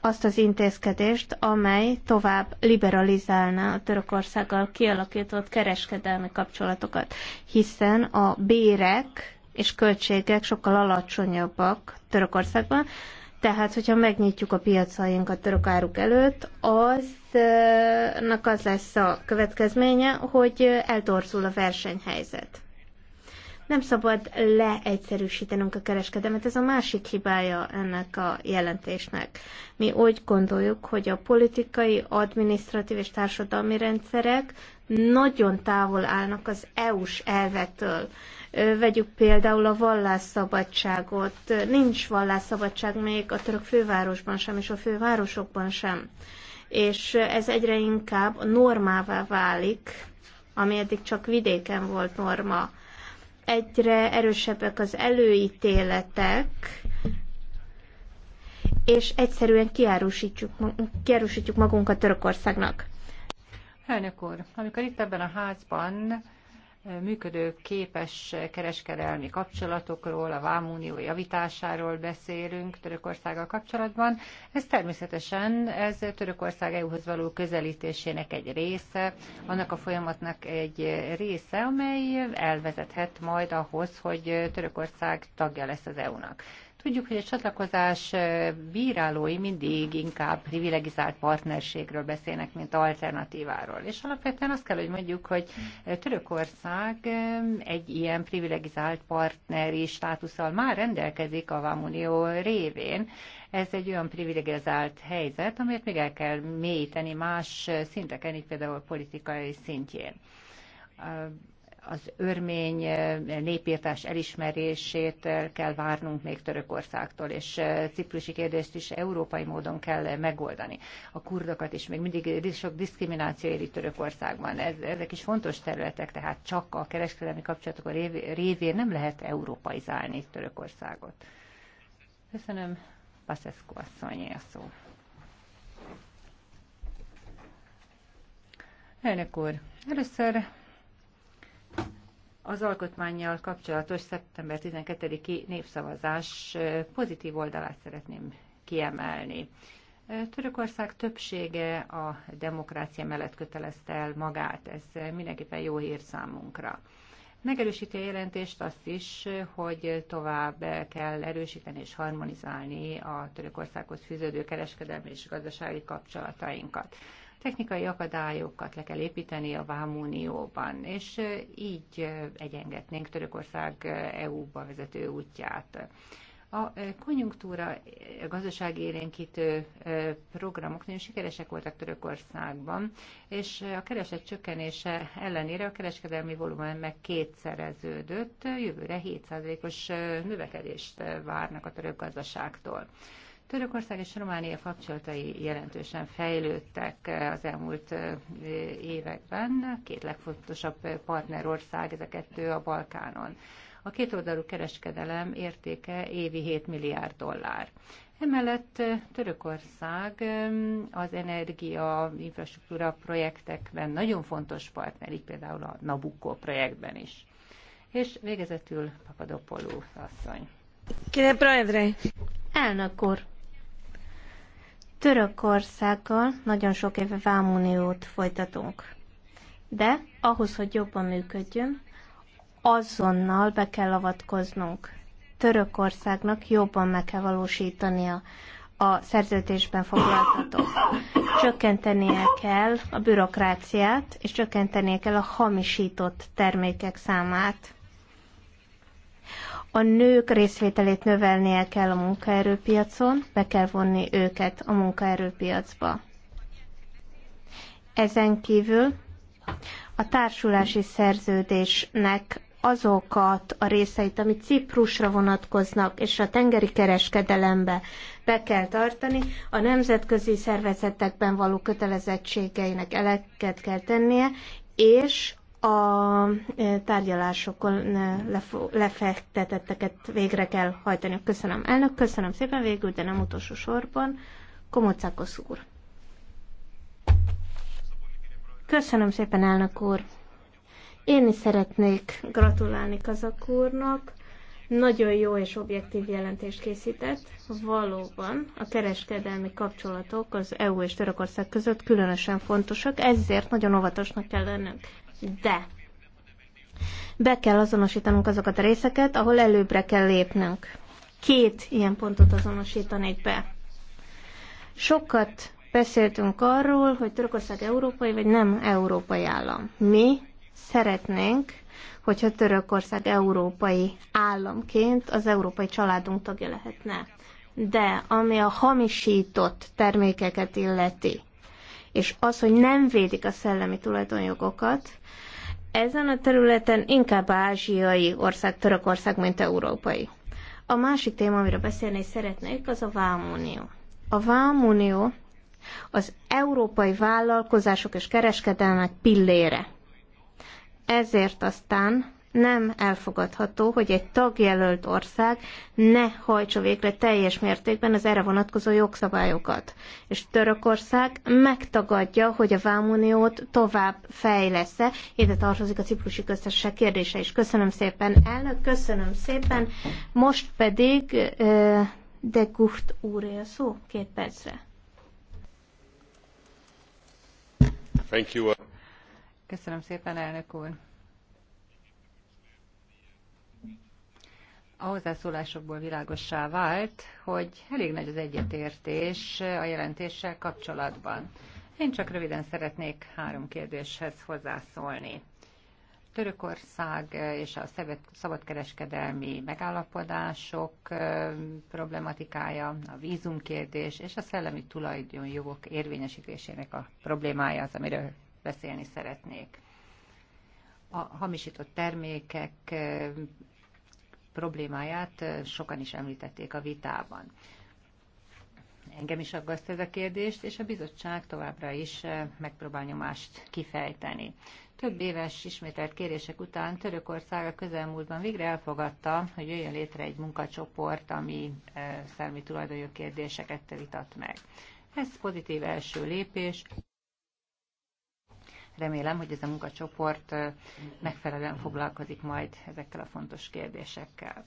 azt az intézkedést, amely tovább liberalizálná a Törökországgal kialakított kereskedelmi kapcsolatokat, hiszen a bérek és költségek sokkal alacsonyabbak Törökországban, tehát, hogyha megnyitjuk a piacainkat török áruk előtt, aznak az lesz a következménye, hogy eltorzul a versenyhelyzet. Nem szabad leegyszerűsítenünk a kereskedelmet, ez a másik hibája ennek a jelentésnek. Mi úgy gondoljuk, hogy a politikai, adminisztratív és társadalmi rendszerek nagyon távol állnak az EU-s elvetől. Vegyük például a vallásszabadságot. Nincs vallásszabadság még a török fővárosban sem, és a fővárosokban sem. És ez egyre inkább normává válik, ami eddig csak vidéken volt norma egyre erősebbek az előítéletek, és egyszerűen kiárusítjuk, kiárusítjuk magunkat Törökországnak. Elnök úr, amikor itt ebben a házban működő képes kereskedelmi kapcsolatokról, a Vámunió javításáról beszélünk Törökországgal kapcsolatban. Ez természetesen ez Törökország EU-hoz való közelítésének egy része, annak a folyamatnak egy része, amely elvezethet majd ahhoz, hogy Törökország tagja lesz az EU-nak. Tudjuk, hogy a csatlakozás bírálói mindig inkább privilegizált partnerségről beszélnek, mint alternatíváról. És alapvetően azt kell, hogy mondjuk, hogy Törökország egy ilyen privilegizált partneri státussal már rendelkezik a Vámunió révén. Ez egy olyan privilegizált helyzet, amelyet még el kell mélyíteni más szinteken, így például politikai szintjén az örmény eh, népírtás elismerését eh, kell várnunk még Törökországtól, és eh, ciprusi kérdést is európai módon kell megoldani. A kurdokat is még mindig sok diszkrimináció éri Törökországban. Ez, ezek is fontos területek, tehát csak a kereskedelmi kapcsolatok révén nem lehet európaizálni Törökországot. Köszönöm, Paszeszko asszony a szó. Elnök úr, először az alkotmányjal kapcsolatos szeptember 12-i népszavazás pozitív oldalát szeretném kiemelni. Törökország többsége a demokrácia mellett kötelezte el magát, ez mindenképpen jó hír számunkra. Megerősíti a jelentést azt is, hogy tovább kell erősíteni és harmonizálni a Törökországhoz fűződő kereskedelmi és gazdasági kapcsolatainkat technikai akadályokat le kell építeni a Vámunióban, és így egyengetnénk Törökország EU-ba vezető útját. A konjunktúra élénkítő programok nagyon sikeresek voltak Törökországban, és a kereset csökkenése ellenére a kereskedelmi volumen meg kétszereződött, jövőre 7%-os növekedést várnak a török gazdaságtól. Törökország és Románia kapcsolatai jelentősen fejlődtek eh, az elmúlt eh, években. Két legfontosabb eh, partnerország, ez a kettő a Balkánon. A kétoldalú kereskedelem értéke évi 7 milliárd dollár. Emellett Törökország az energia infrastruktúra projektekben nagyon fontos partner, így például a Nabucco projektben is. És végezetül Papadopoulou asszony. Kire Elnök úr, Törökországgal nagyon sok éve vámuniót folytatunk. De ahhoz, hogy jobban működjön, azonnal be kell avatkoznunk. Törökországnak jobban meg kell valósítania a szerződésben foglaltatók. Csökkentenie kell a bürokráciát, és csökkentenie kell a hamisított termékek számát. A nők részvételét növelnie kell a munkaerőpiacon, be kell vonni őket a munkaerőpiacba. Ezen kívül a társulási szerződésnek azokat a részeit, ami Ciprusra vonatkoznak, és a tengeri kereskedelembe be kell tartani, a nemzetközi szervezetekben való kötelezettségeinek eleget kell tennie, és a e, tárgyalásokon e, lefektetetteket végre kell hajtani. Köszönöm elnök, köszönöm szépen végül, de nem utolsó sorban. Komocákos úr. Köszönöm szépen, elnök úr. Én is szeretnék gratulálni Kazak úrnak. Nagyon jó és objektív jelentést készített. Valóban a kereskedelmi kapcsolatok az EU és Törökország között különösen fontosak, ezért nagyon óvatosnak kell lennünk de be kell azonosítanunk azokat a részeket, ahol előbbre kell lépnünk. Két ilyen pontot azonosítanék be. Sokat beszéltünk arról, hogy Törökország európai vagy nem európai állam. Mi szeretnénk, hogyha Törökország európai államként az európai családunk tagja lehetne. De ami a hamisított termékeket illeti, és az, hogy nem védik a szellemi tulajdonjogokat, ezen a területen inkább ázsiai ország, Törökország, mint európai. A másik téma, amiről beszélni szeretnék, az a Vámunió. A Vámunió az európai vállalkozások és kereskedelmek pillére. Ezért aztán nem elfogadható, hogy egy tagjelölt ország ne hajtsa végre teljes mértékben az erre vonatkozó jogszabályokat. És Törökország megtagadja, hogy a Vámuniót tovább fejlesz-e. Ide tartozik a ciprusi köztársaság kérdése is. Köszönöm szépen, elnök, köszönöm szépen. Most pedig de Gucht úré szó, két percre. Thank you. Köszönöm szépen, elnök úr. a hozzászólásokból világossá vált, hogy elég nagy az egyetértés a jelentéssel kapcsolatban. Én csak röviden szeretnék három kérdéshez hozzászólni. Törökország és a szabadkereskedelmi megállapodások problematikája, a vízumkérdés és a szellemi tulajdonjogok érvényesítésének a problémája az, amiről beszélni szeretnék. A hamisított termékek problémáját sokan is említették a vitában. Engem is aggaszt ez a kérdést, és a bizottság továbbra is megpróbál nyomást kifejteni. Több éves ismételt kérések után Törökország a közelmúltban végre elfogadta, hogy jöjjön létre egy munkacsoport, ami szellemi tulajdonjog kérdéseket vitat meg. Ez pozitív első lépés. Remélem, hogy ez a munkacsoport megfelelően foglalkozik majd ezekkel a fontos kérdésekkel.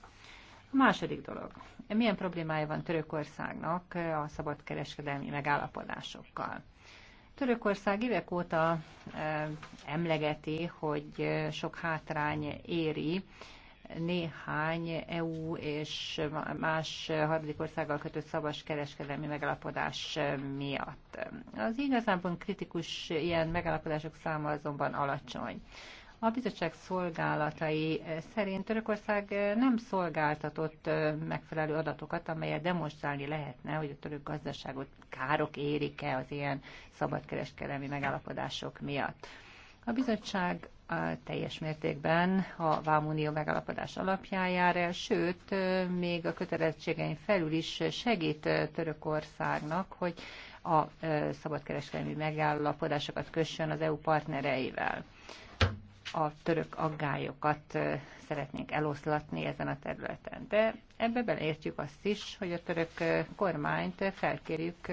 A második dolog. Milyen problémája van Törökországnak a szabadkereskedelmi megállapodásokkal? Törökország évek óta emlegeti, hogy sok hátrány éri néhány EU és más harmadik országgal kötött szabas kereskedelmi megalapodás miatt. Az igazából kritikus ilyen megalapodások száma azonban alacsony. A bizottság szolgálatai szerint Törökország nem szolgáltatott megfelelő adatokat, amelyet demonstrálni lehetne, hogy a török gazdaságot károk érik-e az ilyen szabadkereskedelmi megállapodások miatt. A bizottság teljes mértékben a Vámunió megalapodás alapjájára, sőt, még a kötelezettségein felül is segít Törökországnak, hogy a szabadkereskedelmi megállapodásokat kössön az EU partnereivel. A török aggályokat szeretnénk eloszlatni ezen a területen. De ebbe beleértjük azt is, hogy a török kormányt felkérjük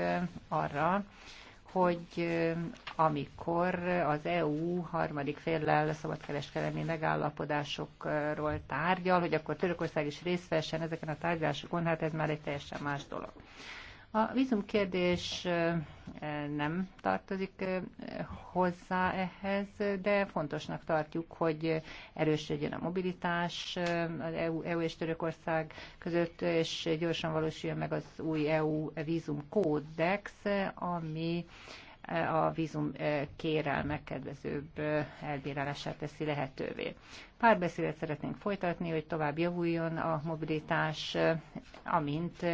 arra, hogy amikor az EU harmadik féllel szabadkereskedelmi megállapodásokról tárgyal, hogy akkor Törökország is részt vessen ezeken a tárgyalásokon, hát ez már egy teljesen más dolog. A vízumkérdés nem tartozik hozzá ehhez, de fontosnak tartjuk, hogy erősödjön a mobilitás az EU, EU és Törökország között, és gyorsan valósuljon meg az új EU vízumkódex, ami a vízum kérelmek kedvezőbb elbírálását teszi lehetővé. Párbeszédet szeretnénk folytatni, hogy tovább javuljon a mobilitás, amint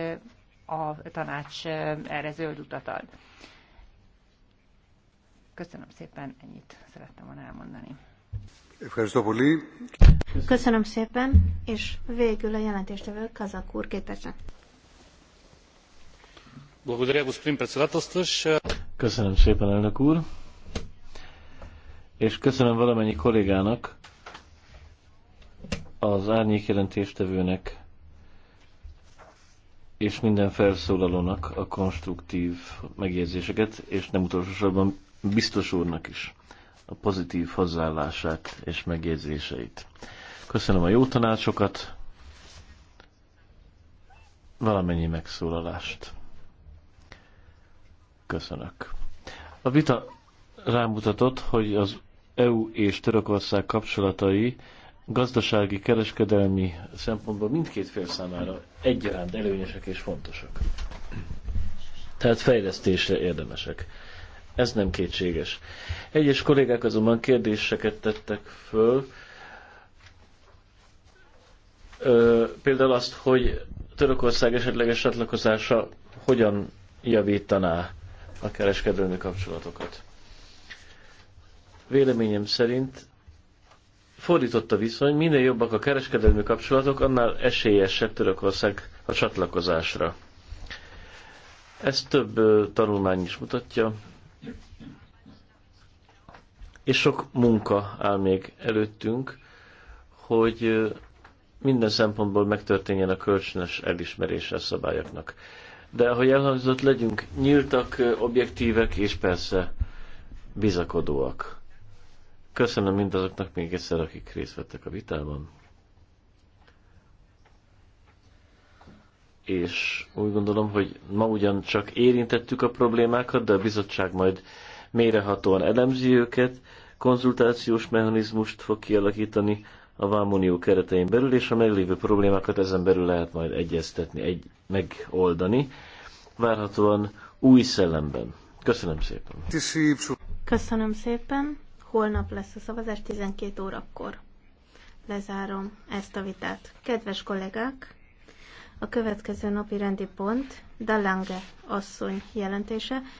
a tanács erre zöld utat ad. Köszönöm szépen, ennyit szerettem volna elmondani. Köszönöm szépen, és végül a jelentéstevő Kazak úr képesen. Köszönöm szépen, elnök úr, és köszönöm valamennyi kollégának, az árnyék jelentéstevőnek, és minden felszólalónak a konstruktív megjegyzéseket, és nem utolsósorban biztos úrnak is a pozitív hozzáállását és megjegyzéseit. Köszönöm a jó tanácsokat, valamennyi megszólalást. Köszönök. A vita rámutatott, hogy az EU és Törökország kapcsolatai gazdasági, kereskedelmi szempontból mindkét fél számára egyaránt előnyösek és fontosak. Tehát fejlesztésre érdemesek. Ez nem kétséges. Egyes kollégák azonban kérdéseket tettek föl, Ö, például azt, hogy Törökország esetleges csatlakozása hogyan javítaná a kereskedelmi kapcsolatokat. Véleményem szerint fordított a viszony, minél jobbak a kereskedelmi kapcsolatok, annál esélyesebb Törökország a csatlakozásra. Ezt több tanulmány is mutatja, és sok munka áll még előttünk, hogy minden szempontból megtörténjen a kölcsönös elismerése a szabályoknak. De ahogy elhangzott, legyünk nyíltak, objektívek és persze bizakodóak. Köszönöm mindazoknak még egyszer, akik részt vettek a vitában. És úgy gondolom, hogy ma ugyan csak érintettük a problémákat, de a bizottság majd mérehatóan elemzi őket, konzultációs mechanizmust fog kialakítani a Vámonió keretein belül, és a meglévő problémákat ezen belül lehet majd egyeztetni, egy, megoldani, várhatóan új szellemben. Köszönöm szépen! Köszönöm szépen! Holnap lesz a szavazás 12 órakor. Lezárom ezt a vitát. Kedves kollégák, a következő napi rendi pont Dalange asszony jelentése.